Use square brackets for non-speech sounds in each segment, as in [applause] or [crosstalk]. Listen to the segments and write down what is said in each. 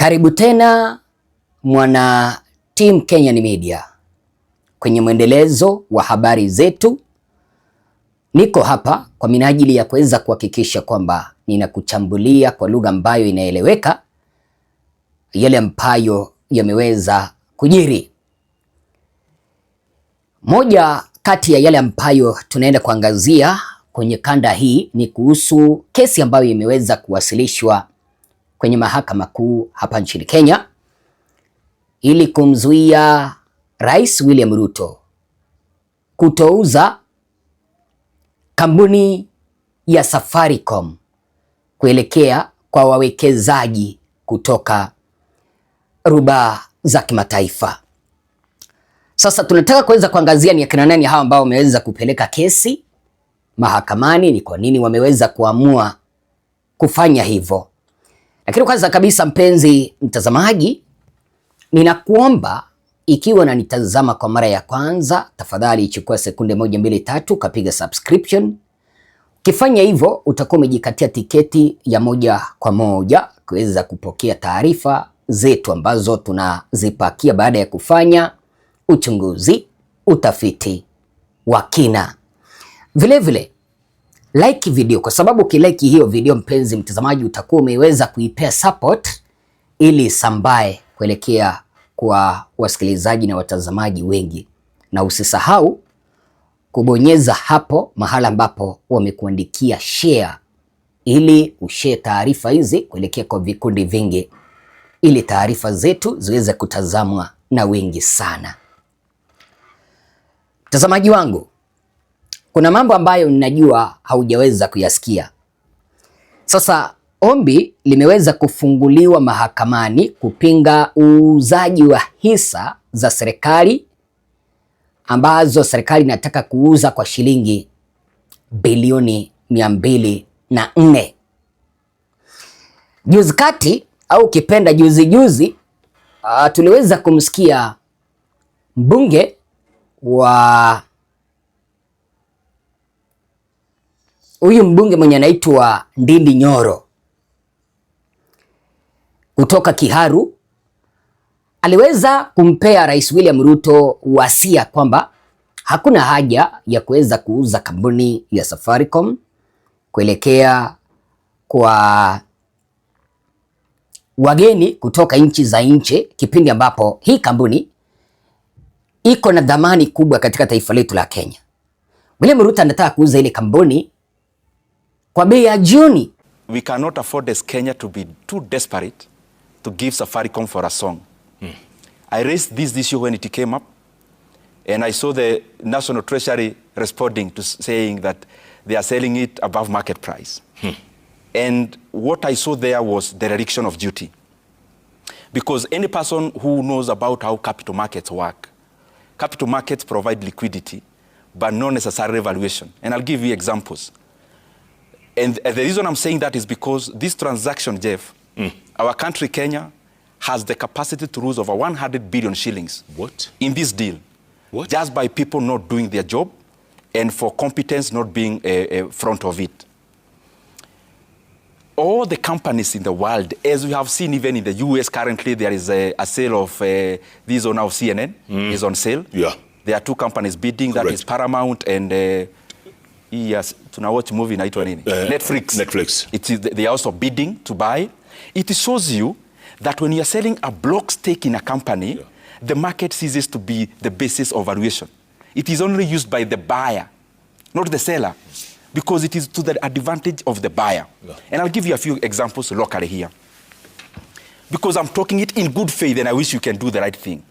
Karibu tena mwana team Kenyan Media kwenye mwendelezo wa habari zetu. Niko hapa kwa minajili ya kuweza kuhakikisha kwamba ninakuchambulia kwa lugha ambayo inaeleweka yale ambayo yameweza kujiri. Moja kati ya yale ambayo tunaenda kuangazia kwenye kanda hii ni kuhusu kesi ambayo imeweza kuwasilishwa kwenye mahakama kuu hapa nchini Kenya ili kumzuia Rais William Ruto kutouza kampuni ya Safaricom kuelekea kwa wawekezaji kutoka ruba za kimataifa. Sasa tunataka kuweza kuangazia ni akina nani hawa ambao wameweza kupeleka kesi mahakamani, ni kwa nini wameweza kuamua kufanya hivyo. Lakini kwanza kabisa, mpenzi mtazamaji, ninakuomba ikiwa unanitazama kwa mara ya kwanza, tafadhali ichukua sekunde moja mbili tatu kapiga subscription. Ukifanya hivyo utakuwa umejikatia tiketi ya moja kwa moja kuweza kupokea taarifa zetu ambazo tunazipakia baada ya kufanya uchunguzi, utafiti wa kina. Vilevile like video, kwa sababu ukilike hiyo video, mpenzi mtazamaji, utakuwa umeweza kuipea support ili sambae kuelekea kwa wasikilizaji na watazamaji wengi, na usisahau kubonyeza hapo mahala ambapo wamekuandikia share, ili ushare taarifa hizi kuelekea kwa vikundi vingi, ili taarifa zetu ziweze kutazamwa na wengi sana. Mtazamaji wangu kuna mambo ambayo ninajua haujaweza kuyasikia. Sasa ombi limeweza kufunguliwa mahakamani kupinga uuzaji wa hisa za serikali ambazo serikali inataka kuuza kwa shilingi bilioni mia mbili na nne. Juzi kati au ukipenda juzi juzi, uh, tuliweza kumsikia mbunge wa huyu mbunge mwenye anaitwa Ndindi Nyoro kutoka Kiharu aliweza kumpea Rais William Ruto wasia kwamba hakuna haja ya kuweza kuuza kampuni ya Safaricom kuelekea kwa wageni kutoka nchi za nje, kipindi ambapo hii kampuni iko na dhamani kubwa katika taifa letu la Kenya. William Ruto anataka kuuza ile kampuni kwa bei ya Juni. We cannot afford as Kenya to be too desperate to give Safaricom for a song. Hmm. I raised this issue when it came up and I saw the National Treasury responding to saying that they are selling it above market price. Hmm. And what I saw there was the dereliction of duty. Because any person who knows about how capital markets work, capital markets provide liquidity, but not necessarily valuation. And I'll give you examples. And the reason I'm saying that is because this transaction, Jeff, mm. our country, Kenya, has the capacity to lose over 100 billion shillings. What? In this deal. What? Just by people not doing their job and for competence not being uh, uh front of it. All the companies in the world, as we have seen even in the US currently, there is a, a sale of uh, this on our CNN, mm. is on sale. Yeah. There are two companies bidding, Correct. that is Paramount and uh, yes, tuna watch movie inaitwa nini? Uh, Netflix. Netflix. It is, they are also bidding to buy. It shows you that when you are selling a block stake in a company, yeah. the market ceases to be the basis of valuation. It is only used by the buyer, not the seller, because it is to the advantage of the buyer. Yeah. And I'll give you a few examples locally here. Because I'm talking it in good faith and I wish you can do the right thing.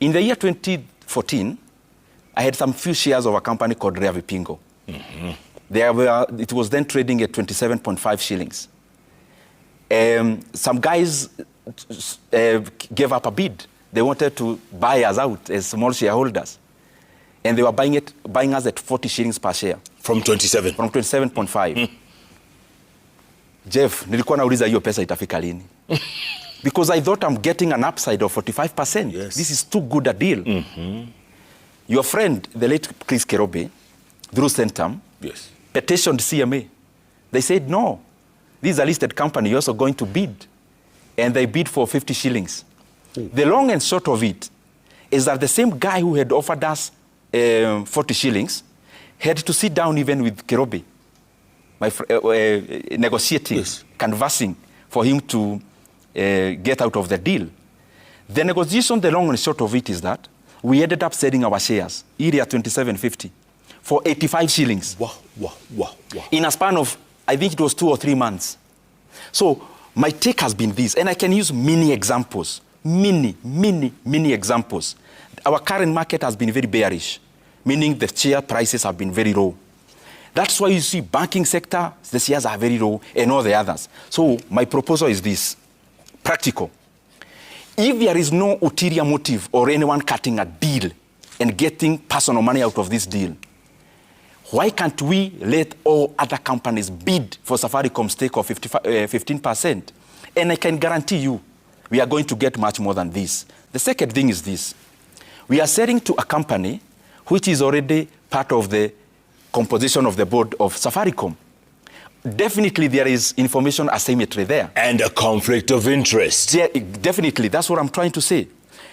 In the year 2014, I had some few shares of a company called Rea Vipingo. Mm -hmm. There were, it was then trading at 27.5 shillings. Um, some guys uh, gave up a bid. They wanted to buy us out as small shareholders. And they were buying, it, buying us at 40 shillings per share. From 27? From 27.5. Mm. Jeff, nilikuwa nauliza hiyo pesa itafika lini? [laughs] Because I thought I'm getting an upside of 45%. Yes. This is too good a deal. Mm -hmm. Your friend, the late Chris Kerobe, through Centum yes. petitioned CMA. They said, no, this is a listed company. You're also going to bid. And they bid for 50 shillings. Hmm. The long and short of it is that the same guy who had offered us um, 40 shillings had to sit down even with Kirobi, my fr- uh, uh, negotiating, yes. conversing for him to uh, get out of the deal. The negotiation, the long and short of it is that we ended up selling our shares, area 2750 for 85 shillings. Wow, wow, wow, wow. In a span of, I think it was two or three months. So my take has been this, and I can use many examples, many, many, many examples. Our current market has been very bearish, meaning the share prices have been very low. That's why you see banking sector, the shares are very low, and all the others. So my proposal is this, practical. If there is no ulterior motive or anyone cutting a deal and getting personal money out of this deal, why can't we let all other companies bid for Safaricom's stake of 50, uh, 15%? And I can guarantee you, we are going to get much more than this. The second thing is this. We are selling to a company which is already part of the composition of the board of Safaricom. Definitely there is information asymmetry there. And a conflict of interest. Yeah, definitely. That's what I'm trying to say.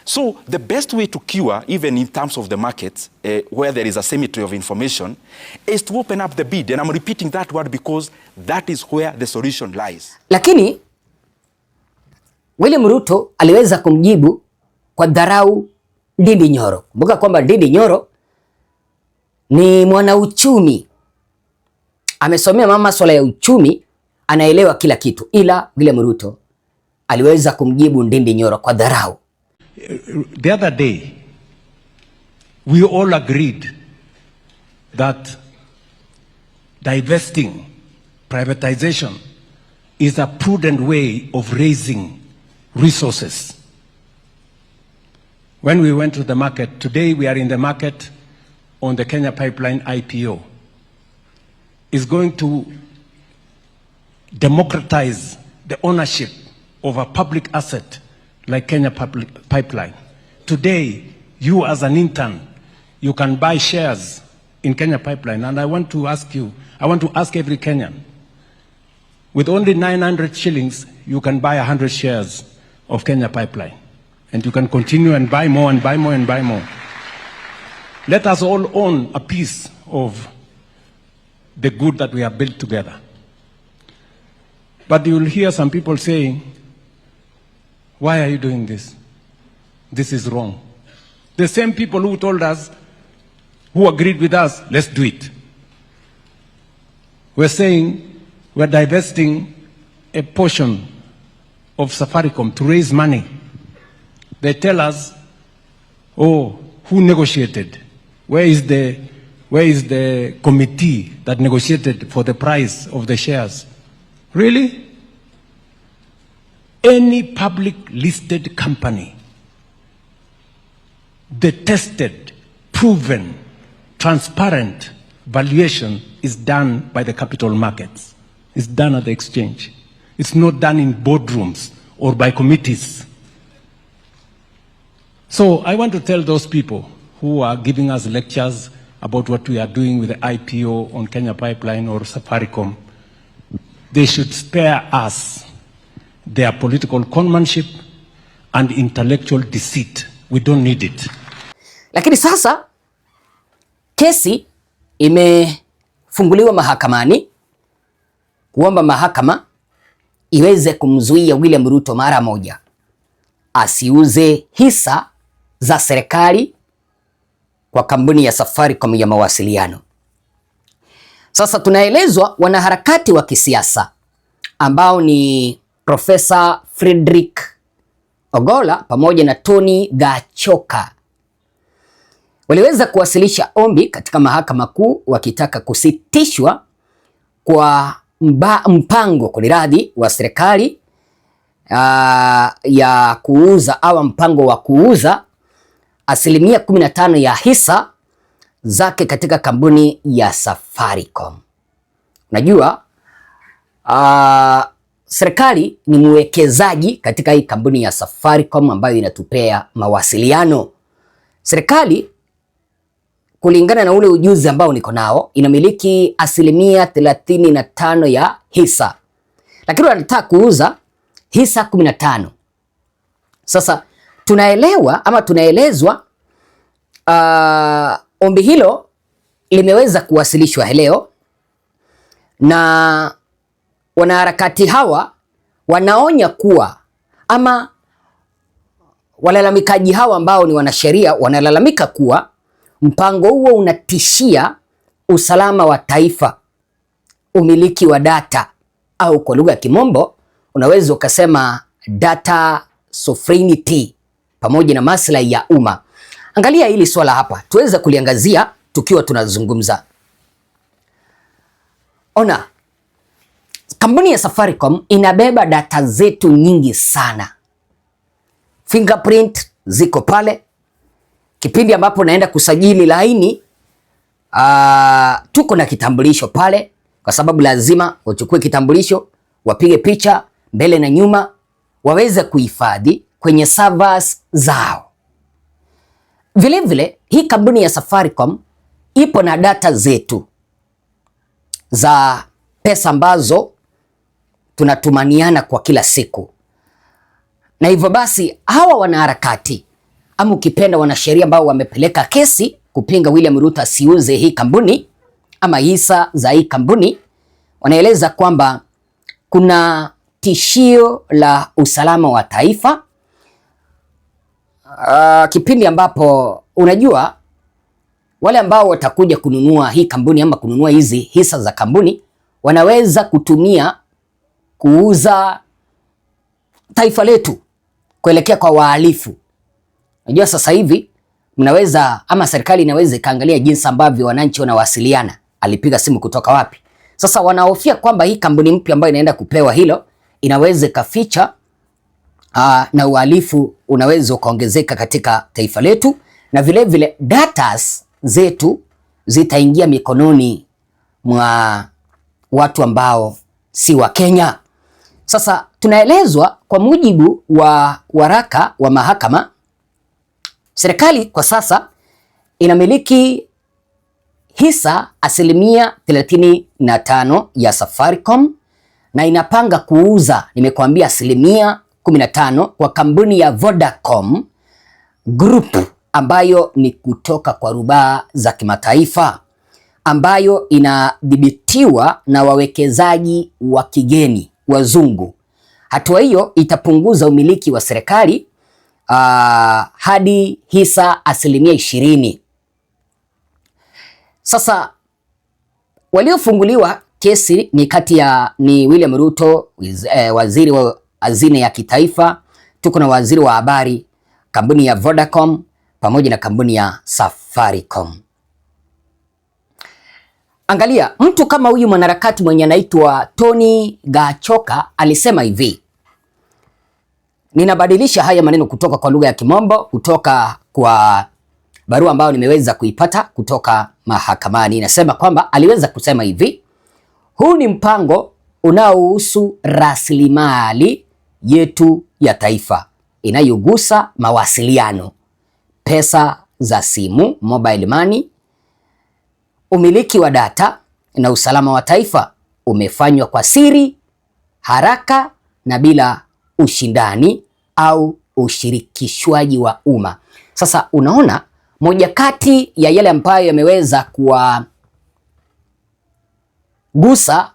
So the best way to cure, even in terms of the market, uh, where there is a symmetry of information, is to open up the bid. And I'm repeating that word because that is where the solution lies. Lakini William Ruto aliweza kumjibu kwa dharau Ndindi Nyoro. Kumbuka kwamba Ndindi Nyoro ni mwanauchumi, amesomea mama masuala ya uchumi, anaelewa kila kitu, ila William Ruto aliweza kumjibu Ndindi Nyoro kwa dharau. the other day, we all agreed that divesting, privatization, is a prudent way of raising resources. When we went to the market, today we are in the market on the Kenya Pipeline IPO, is going to democratize the ownership of a public asset like Kenya Pipeline. Today, you as an intern, you can buy shares in Kenya Pipeline. And I want to ask you, I want to ask every Kenyan, with only 900 shillings, you can buy 100 shares of Kenya Pipeline. And you can continue and buy more and buy more and buy more. Let us all own a piece of the good that we have built together. But you will hear some people saying, why are you doing this? This is wrong. The same people who told us, who agreed with us, let's do it. We're saying we're divesting a portion of Safaricom to raise money. They tell us, oh, who negotiated? Where is the, where is the committee that negotiated for the price of the shares? Really? any public listed company, the tested, proven, transparent valuation is done by the capital markets. It's done at the exchange. It's not done in boardrooms or by committees. So I want to tell those people who are giving us lectures about what we are doing with the IPO on Kenya Pipeline or Safaricom, they should spare us their political conmanship and intellectual deceit. We don't need it. Lakini sasa kesi imefunguliwa mahakamani kuomba mahakama iweze kumzuia William Ruto mara moja asiuze hisa za serikali kwa kampuni ya Safaricom ya mawasiliano. Sasa tunaelezwa wanaharakati wa kisiasa ambao ni Profesa Friedrich Ogola pamoja na Tony Gachoka waliweza kuwasilisha ombi katika mahakama kuu wakitaka kusitishwa kwa mba, mpango kuniradhi wa serikali ya kuuza au mpango wa kuuza asilimia 15 ya hisa zake katika kampuni ya Safaricom. Unajua uh, serikali ni mwekezaji katika hii kampuni ya Safaricom ambayo inatupea mawasiliano. Serikali kulingana na ule ujuzi ambao niko nao inamiliki asilimia 35 ya hisa, lakini wanataka kuuza hisa 15. Sasa tunaelewa ama tunaelezwa uh, ombi hilo limeweza kuwasilishwa leo na Wanaharakati hawa wanaonya kuwa ama walalamikaji hawa ambao ni wanasheria wanalalamika kuwa mpango huo unatishia usalama wa taifa, umiliki wa data, au kwa lugha ya Kimombo unaweza ukasema data sovereignty, pamoja na maslahi ya umma. Angalia hili swala hapa, tuweza kuliangazia tukiwa tunazungumza. Ona Kampuni ya Safaricom inabeba data zetu nyingi sana. Fingerprint ziko pale. Kipindi ambapo naenda kusajili laini, uh, tuko na kitambulisho pale, kwa sababu lazima wachukue kitambulisho, wapige picha mbele na nyuma, waweze kuhifadhi kwenye servers zao. Vilevile vile, hii kampuni ya Safaricom ipo na data zetu za pesa ambazo tunatumaniana kwa kila siku, na hivyo basi hawa wanaharakati ama ukipenda wanasheria ambao wamepeleka kesi kupinga William Ruto asiuze hii kampuni ama hisa za hii kampuni, wanaeleza kwamba kuna tishio la usalama wa taifa. Uh, kipindi ambapo unajua wale ambao watakuja kununua hii kampuni ama kununua hizi hisa za kampuni wanaweza kutumia kuuza taifa letu kuelekea kwa wahalifu. Unajua sasa hivi mnaweza ama serikali inaweza ikaangalia jinsi ambavyo wananchi wanawasiliana, alipiga simu kutoka wapi. Sasa wanahofia kwamba hii kampuni mpya ambayo inaenda kupewa hilo inaweza ikaficha aa, ah, na uhalifu unaweza ukaongezeka katika taifa letu, na vile vile datas zetu zitaingia mikononi mwa watu ambao si wa Kenya. Sasa tunaelezwa kwa mujibu wa waraka wa mahakama, serikali kwa sasa inamiliki hisa asilimia 35 ya Safaricom na inapanga kuuza, nimekuambia asilimia 15 kwa kampuni ya Vodacom Group ambayo ni kutoka kwa rubaa za kimataifa ambayo inadhibitiwa na wawekezaji wa kigeni wazungu. Hatua hiyo itapunguza umiliki wa serikali uh, hadi hisa asilimia ishirini. Sasa waliofunguliwa kesi ni kati ya ni William Ruto eh, waziri wa hazina ya kitaifa, tuko na waziri wa habari, kampuni ya Vodacom pamoja na kampuni ya Safaricom. Angalia, mtu kama huyu mwanaharakati mwenye anaitwa Tony Gachoka alisema hivi, ninabadilisha haya maneno kutoka kwa lugha ya Kimombo kutoka kwa barua ambayo nimeweza kuipata kutoka mahakamani. Inasema kwamba aliweza kusema hivi, huu ni mpango unaohusu rasilimali yetu ya taifa inayogusa mawasiliano, pesa za simu, mobile money Umiliki wa data na usalama wa taifa umefanywa kwa siri, haraka na bila ushindani au ushirikishwaji wa umma. Sasa unaona, moja kati ya yale ambayo yameweza kuwagusa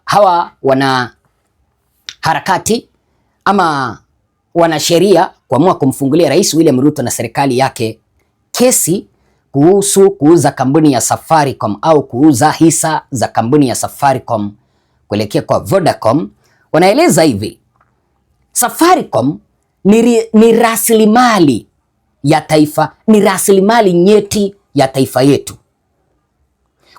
hawa wana harakati ama wanasheria kuamua kumfungulia Rais William Ruto na serikali yake kesi kuhusu kuuza kampuni ya Safaricom au kuuza hisa za kampuni ya Safaricom kuelekea kwa Vodacom, wanaeleza hivi: Safaricom ni, ni rasilimali ya taifa, ni rasilimali nyeti ya taifa yetu,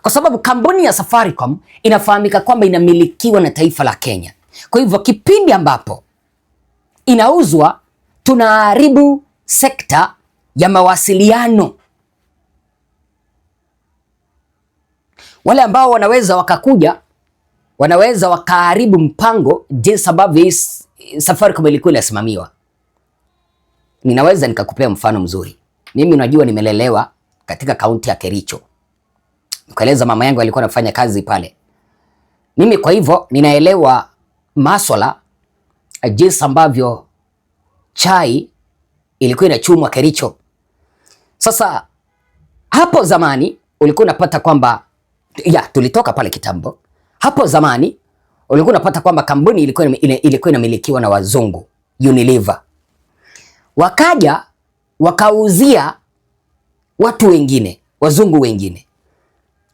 kwa sababu kampuni ya Safaricom inafahamika kwamba inamilikiwa na taifa la Kenya. Kwa hivyo kipindi ambapo inauzwa tunaharibu sekta ya mawasiliano Wale ambao wanaweza wakakuja wanaweza wakaharibu mpango jinsi ambavyo hii kama ilikuwa inasimamiwa. Ninaweza nikakupea mfano mzuri. Mimi unajua, nimelelewa katika kaunti ya Kericho, nikaeleza mama yangu alikuwa anafanya kazi pale. Mimi kwa hivyo ninaelewa maswala jinsi ambavyo chai ilikuwa inachumwa Kericho. Sasa hapo zamani ulikuwa unapata kwamba ya tulitoka pale kitambo. Hapo zamani ulikuwa unapata kwamba kampuni ilikuwa ilikuwa inamilikiwa na wazungu Unilever, wakaja wakauzia watu wengine wazungu wengine,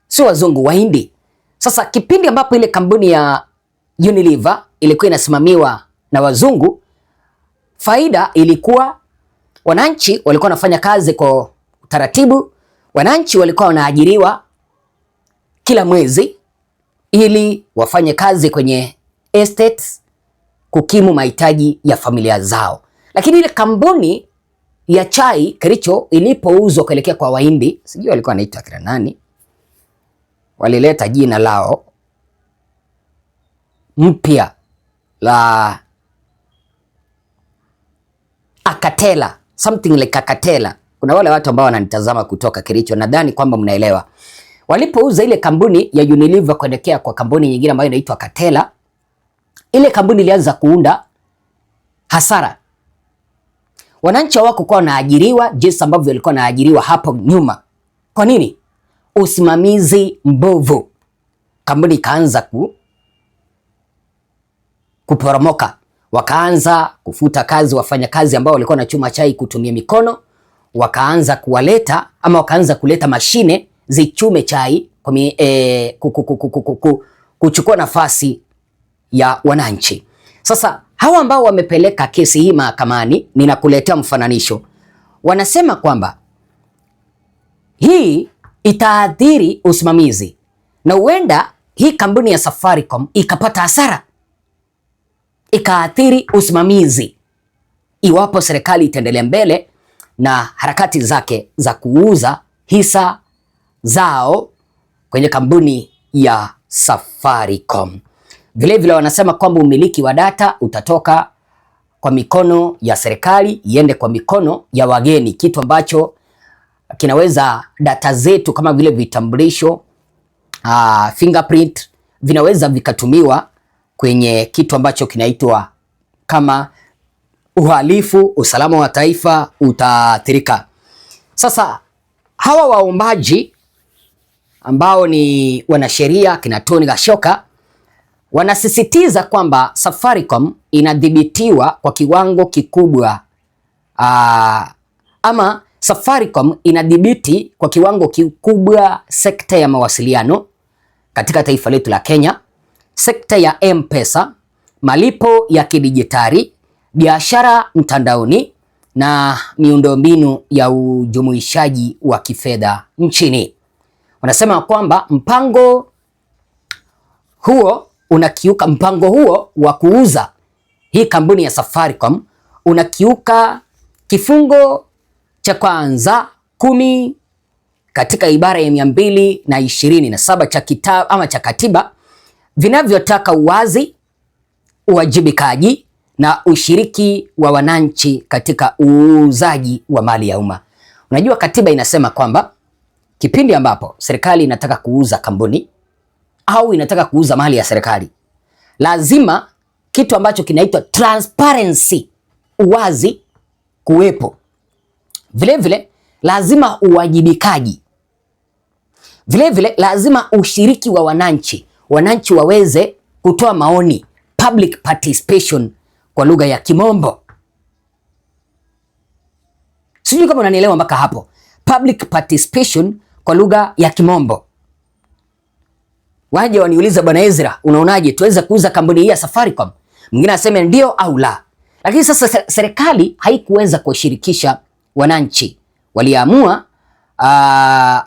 sio wazungu, Wahindi. Sasa kipindi ambapo ile kampuni ya Unilever ilikuwa inasimamiwa na wazungu, faida ilikuwa wananchi walikuwa wanafanya kazi kwa utaratibu, wananchi walikuwa wanaajiriwa kila mwezi ili wafanye kazi kwenye estates kukimu mahitaji ya familia zao. Lakini ile kampuni ya chai Kericho ilipouzwa kuelekea kwa Wahindi, sijui walikuwa wanaitwa kina nani, walileta jina lao mpya la Akatela, something like Akatela. Kuna wale watu ambao wananitazama kutoka Kericho, nadhani kwamba mnaelewa. Walipouza ile kampuni ya Unilever kuelekea kwa kampuni nyingine ambayo inaitwa katela ile kampuni ilianza kuunda hasara. Wananchi hawakukuwa wanaajiriwa jinsi ambavyo walikuwa wanaajiriwa hapo nyuma. Kwa nini? Usimamizi mbovu. Kampuni ikaanza ku kuporomoka, wakaanza kufuta kazi wafanyakazi ambao walikuwa na chuma chai kutumia mikono, wakaanza kuwaleta ama wakaanza kuleta mashine zichume chai kumi, e, eh, kuchukua nafasi ya wananchi. Sasa hawa ambao wamepeleka kesi hii mahakamani, ninakuletea mfananisho, wanasema kwamba hii itaathiri usimamizi na huenda hii kampuni ya Safaricom ikapata hasara ikaathiri usimamizi iwapo serikali itaendelea mbele na harakati zake za kuuza hisa zao kwenye kampuni ya Safaricom. Vilevile wanasema kwamba umiliki wa data utatoka kwa mikono ya serikali iende kwa mikono ya wageni, kitu ambacho kinaweza data zetu kama vile vitambulisho uh, fingerprint vinaweza vikatumiwa kwenye kitu ambacho kinaitwa kama uhalifu. Usalama wa taifa utaathirika. Sasa hawa waombaji ambao ni wanasheria kina Tony Gashoka wanasisitiza kwamba Safaricom inadhibitiwa kwa kiwango kikubwa aa, ah, ama Safaricom inadhibiti kwa kiwango kikubwa sekta ya mawasiliano katika taifa letu la Kenya, sekta ya M-Pesa, malipo ya kidijitali, biashara mtandaoni na miundombinu ya ujumuishaji wa kifedha nchini wanasema kwamba mpango huo unakiuka, mpango huo wa kuuza hii kampuni ya Safaricom unakiuka kifungo cha kwanza kumi katika ibara ya mia mbili na ishirini na saba cha kitabu ama cha katiba vinavyotaka uwazi, uwajibikaji na ushiriki wa wananchi katika uuzaji wa mali ya umma. Unajua katiba inasema kwamba Kipindi ambapo serikali inataka kuuza kampuni au inataka kuuza mali ya serikali, lazima kitu ambacho kinaitwa transparency, uwazi kuwepo. Vile vile lazima uwajibikaji, vile vile lazima ushiriki wa wananchi, wananchi waweze kutoa maoni, public participation kwa lugha ya Kimombo. Sijui kama unanielewa mpaka hapo. Public participation kwa lugha ya Kimombo. Waje waniuliza Bwana Ezra, unaonaje tuweza kuuza kampuni hii ya Safaricom? Mwingine aseme ndio au la. Lakini sasa serikali haikuweza kuwashirikisha wananchi, waliamua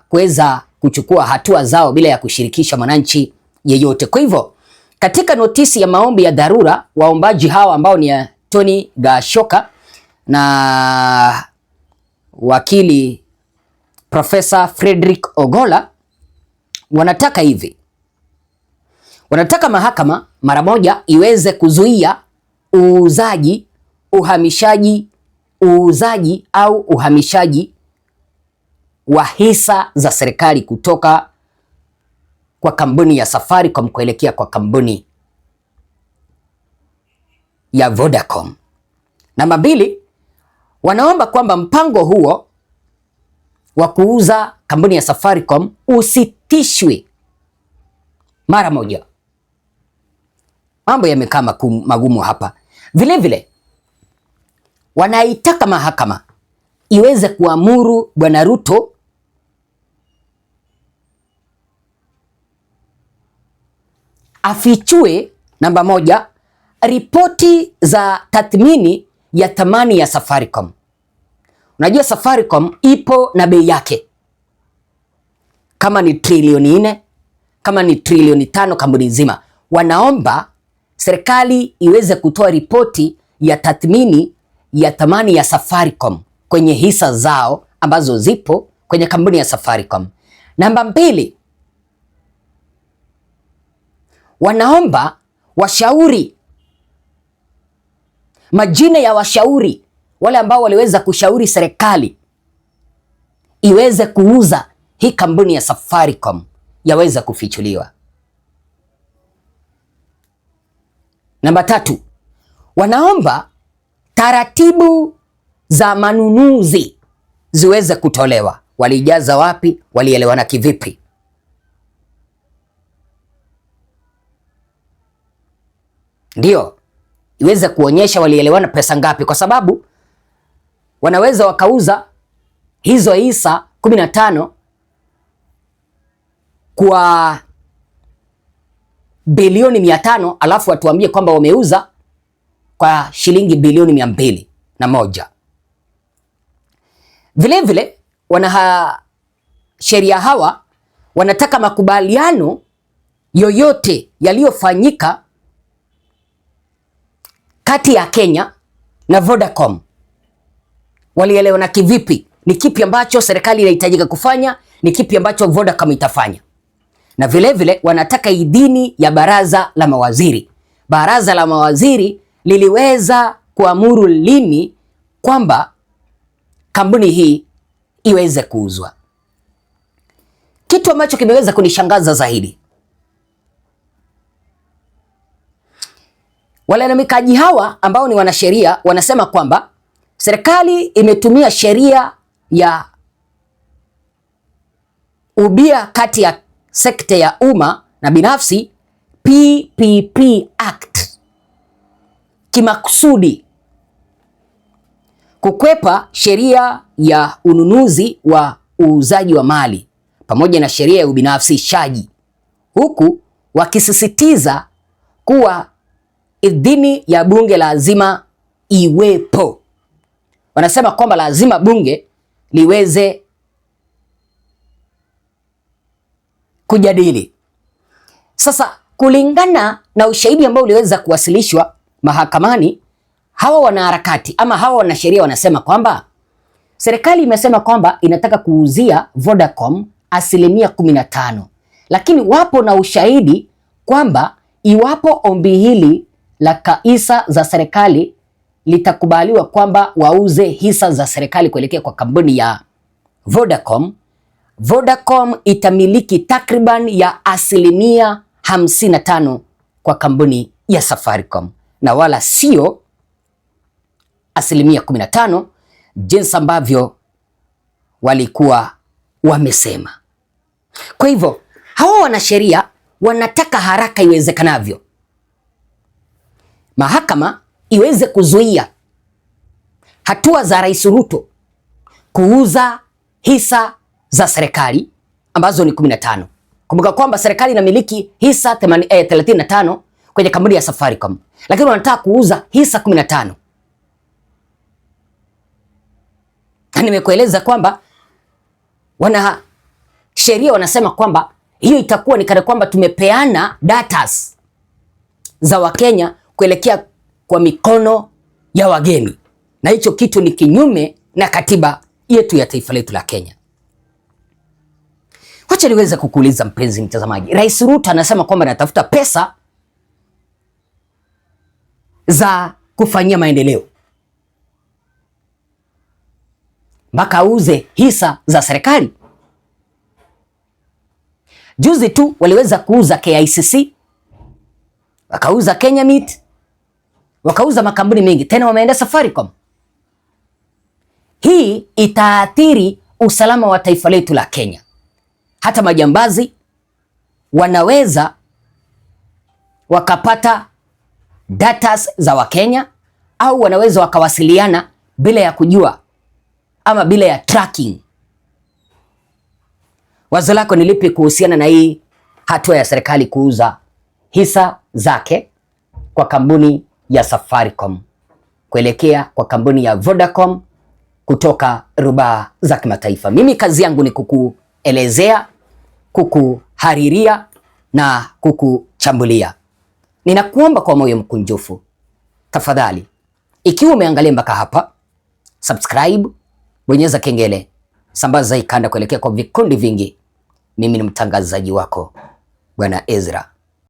kuweza kuchukua hatua zao bila ya kushirikisha mwananchi yeyote. Kwa hivyo katika notisi ya maombi ya dharura waombaji hawa ambao ni Tony Gashoka na wakili Profesa Frederick Ogola wanataka hivi, wanataka mahakama mara moja iweze kuzuia uuzaji, uhamishaji, uuzaji au uhamishaji wa hisa za serikali kutoka kwa kampuni ya Safaricom kuelekea kwa kampuni ya Vodacom. Namba mbili, wanaomba kwamba mpango huo wa kuuza kampuni ya Safaricom usitishwe mara moja. Mambo yamekaa magumu hapa. Vilevile vile, wanaitaka mahakama iweze kuamuru Bwana Ruto afichue namba moja, ripoti za tathmini ya thamani ya Safaricom. Unajua Safaricom ipo na bei yake, kama ni trilioni nne, kama ni trilioni tano, kampuni nzima wanaomba serikali iweze kutoa ripoti ya tathmini ya thamani ya Safaricom kwenye hisa zao ambazo zipo kwenye kampuni ya Safaricom. Namba mbili, wanaomba washauri, majina ya washauri wale ambao waliweza kushauri serikali iweze kuuza hii kampuni ya Safaricom yaweza kufichuliwa. Namba tatu, wanaomba taratibu za manunuzi ziweze kutolewa. Walijaza wapi? Walielewana kivipi? Ndiyo iweze kuonyesha walielewana pesa ngapi, kwa sababu wanaweza wakauza hizo hisa 15 kwa bilioni mia tano alafu watuambie kwamba wameuza kwa shilingi bilioni mia mbili na moja. Vilevile wanasheria hawa wanataka makubaliano yoyote yaliyofanyika kati ya Kenya na Vodacom walielewana kivipi? Ni kipi ambacho serikali inahitajika kufanya? Ni kipi ambacho Vodacom itafanya? Na vile vile wanataka idhini ya baraza la mawaziri. Baraza la mawaziri liliweza kuamuru lini kwamba kampuni hii iweze kuuzwa? Kitu ambacho kimeweza kunishangaza zaidi, walalamikaji hawa ambao ni wanasheria wanasema kwamba serikali imetumia sheria ya ubia kati ya sekta ya umma na binafsi PPP Act kimakusudi kukwepa sheria ya ununuzi wa uuzaji wa mali pamoja na sheria ya ubinafsishaji, huku wakisisitiza kuwa idhini ya bunge lazima iwepo wanasema kwamba lazima bunge liweze kujadili. Sasa kulingana na ushahidi ambao uliweza kuwasilishwa mahakamani, hawa wanaharakati ama hawa wanasheria wanasema kwamba serikali imesema kwamba inataka kuuzia Vodacom asilimia 15, lakini wapo na ushahidi kwamba iwapo ombi hili la kaisa za serikali litakubaliwa kwamba wauze hisa za serikali kuelekea kwa kampuni ya Vodacom, Vodacom itamiliki takriban ya asilimia 55 kwa kampuni ya Safaricom na wala sio asilimia 15 jinsi ambavyo walikuwa wamesema. Kwa hivyo hawa wanasheria wanataka haraka iwezekanavyo mahakama iweze kuzuia hatua za Rais Ruto kuuza hisa za serikali ambazo ni 15. Kumbuka kwamba serikali inamiliki hisa 35 eh, kwenye kampuni ya Safaricom, lakini wanataka kuuza hisa 15. Na nimekueleza kwamba wana sheria wanasema kwamba hiyo itakuwa ni kana kwamba tumepeana datas za Wakenya kuelekea kwa mikono ya wageni, na hicho kitu ni kinyume na katiba yetu ya taifa letu la Kenya. Wacha niweze kukuuliza mpenzi mtazamaji, Rais Ruto anasema kwamba anatafuta pesa za kufanyia maendeleo mpaka auze hisa za serikali. Juzi tu waliweza kuuza KICC, wakauza Kenya Meat, wakauza makampuni mengi, tena wameenda Safaricom. Hii itaathiri usalama wa taifa letu la Kenya. Hata majambazi wanaweza wakapata data za Wakenya au wanaweza wakawasiliana bila ya kujua ama bila ya tracking. Wazo lako ni lipi kuhusiana na hii hatua ya serikali kuuza hisa zake kwa kampuni ya Safaricom kuelekea kwa kampuni ya Vodacom kutoka rubaa za kimataifa. Mimi kazi yangu ni kukuelezea, kukuhariria na kukuchambulia. Ninakuomba kwa moyo mkunjufu, tafadhali, ikiwa umeangalia mpaka hapa, subscribe, bonyeza kengele, sambaza ikanda kuelekea kwa vikundi vingi. Mimi ni mtangazaji wako Bwana Ezra.